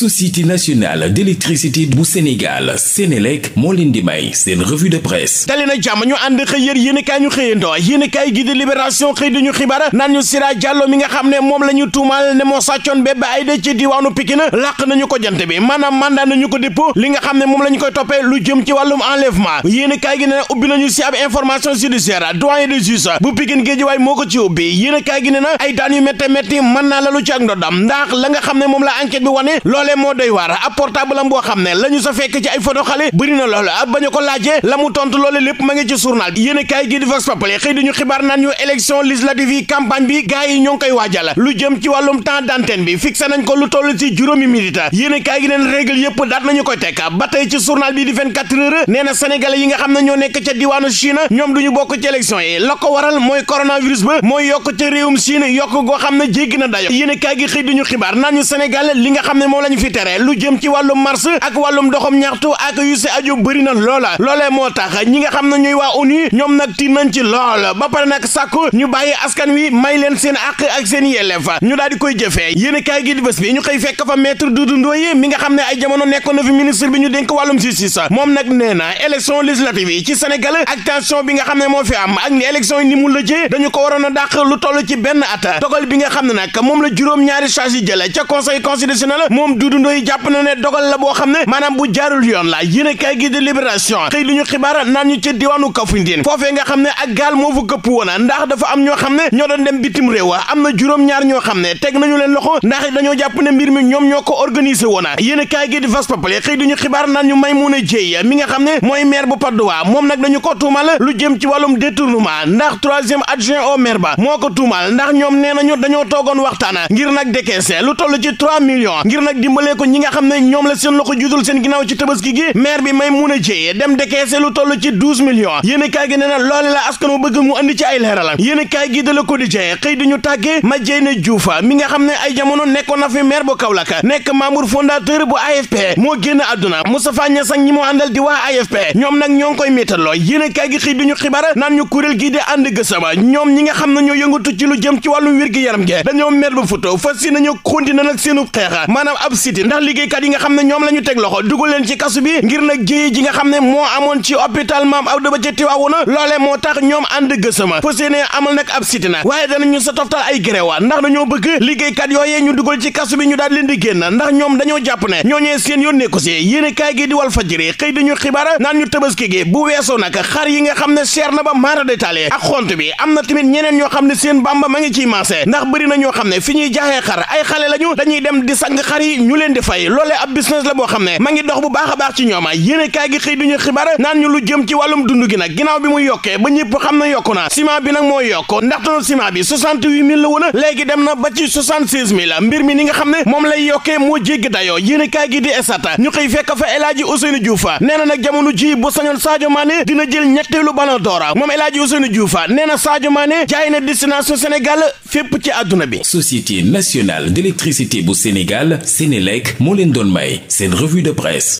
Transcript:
société nationale d'électricité bu Sénégal Sénélec moo leen di may de presse dali na jàmm ñu ànd xëy yér yéen i kaay ñu xëyandoo yéen i kaay gi di libération xëy dañu xibaar naan ñu Sira mi nga xam ne moom la ñu tuumal ne moo sàccoon bébé Aïda ci diwaanu Pikine làq nañu ko jant bi maanaam mandat nañu ko dépp li nga xam ne moom la ñu koy toppee lu jëm ci wàllum enlèvement yéen i kaay gi ne ubbi ko ci ubbi yéen i kaay gi ne na ay daan yu métte métti mën la loolee moo doy ne la ñu sa fekk ci ay photo xale bëri na loolu ak ba ñu ko laajee la mu tontu loolu lépp ma ngi ci journal bi yéen a kaay gi di Vox Populi xëy di ñu xibaar naan ñu élection législative yi campagne bi gars ko lu toll ci juróomi minute yéen a kaay gi neen daat nañu koy tekk ba tey ci journal bi di 24 heures nee na yi nga xam ne ñoo nekk ca diwaanu Chine ñoom duñu bokk ci élection yi la ko waral mooy coronavirus ba mooy yokk ca réewum Chine yokk goo xam ne jéggi na dayo yéen a kaay xibaar naan ñu li nga xam ne moom lañ fi tere lu jëm ci wàllum mars ak wàllum doxam ñaxtu ak yu si aju bëri na loola loolee moo tax ñi nga xam na ñuy waa ONU ñoom nag tiit nañ ci lool ba pare nag sàkku ñu bàyyi askan wi may leen seen àq ak seen yelleef ñu daal di koy jëfee yéen kaay gi di bés bi ñu xëy fekk fa maître Doudou Ndoye mi nga xam ne ay jamono nekkoon na fi ministre bi ñu dénk wàllum justice moom nag nee na élection législative yi ci Sénégal ak tension bi nga xam ne moo fi am ak ni élection ko waroon toll ci benn at dogal bi nga xam ne nag moom la juróom-ñaari charge yi jële ca conseil constitutionnel Doudou Ndoye jàpp na ne dogal la boo xam ne maanaam bu jaarul yoon la yéen a kaay gi di libération xëy lu ñu xibaar naan ñu ci diwaanu Kafountine foofee nga xam ne ak gaal moo fa këpp woon ndax dafa am ñoo xam ne ñoo doon dem bitim réew am na juróom-ñaar ñoo xam ne teg nañu leen loxo ndax dañoo jàpp ne mbir mi ñoom ñoo ko organisé woon yéen a kaay gi di Vox Populi xëy du ñu xibaar naan ñu Maimouna Dièye mi nga xam ne mooy maire bu Patte moom nag dañu ko tuumal lu jëm ci wàllum détournement ndax troisième adjoint au maire ba moo ko tuumal ndax ñoom nee nañu dañoo toogoon waxtaan ngir nag décaisser lu toll ci 3 millions dimbalee ko ñi nga xam ne ñoom la seen loxo juutul seen ginnaaw ci tabaski gi maire bi may mun a jëyee dem décaissé lu toll ci douze millions yéen gi nee loole la askan wu bëgg mu andi ci ay leerala yéen kaay gi da la ko di jëyee xëy di ñu tàggee ma jëy na juufa mi nga xam ne ay jamono nekkoon na fi maire bu Kaolack nekk membre fondateur bu AFP moo génn àdduna Moustapha Niass ak ñi mu àndal di waa AFP ñoom nag ñoo ngi koy méttaloo yéen kaay gi xëy di ñu xibaar naan ñu kuréel gii di ànd gësama ñoom ñi nga xam ne ñoo yëngatu ci lu jëm ci wàllum wér gi yaram ge dañoo maire bu futo fas si nañu continuer nag seenu xeex maanaam City ndax liggéeykat yi nga xam ne ñoom la teg loxo dugal ci kasu ngir nag jéye ji nga xam ne moo amoon ci hôpital Maam Abdou ba ca Tiwaawoona loole moo tax ñoom ànd gësama fas yéene amal nag ab sitina waaye danañu sa toftal ay gréwa ndax dañoo bëgg liggéeykat yooyee ñu dugal ci kasu bi ñu daal leen di ndax ñoom dañoo jàpp ne ñooñee seen yoon nekku si yéene kaay gi di Walf Fadjri xëy dañu xibaar naan ñu tabaski gi bu weesoo nag xar nga xam ma ngi ciy marché ñu leen di fay loolee ab business la boo xam ne ma ngi dox bu baax a ci ñooma yéen kaay gi xëy duñu xibaar naan ñu lu jëm ci wàllum dund gi nag ginnaaw bi mu yokkee ba ñëpp xam na yokk na ciment bi nag moo yokk ndax tonu ciment bi 68000 la a léegi dem na ba ci 76000 mbir mi ni nga xam ne moom la yokkee moo jéggi dayoo yéen kaay gi di esata ñu xëy fekk fa El Hadji Ousseynou Diouf nee na na jamono ji bu sañoon Sadio dina jël ñetteelu Ballon d'Or moom El Hadji Ousseynou Diouf nee na Sadio Mané jaay na destination Sénégal fépp ci àdduna bi. Société nationale d'électricité bu Sénégal Sénélec moo leen doon may seen revue de presse.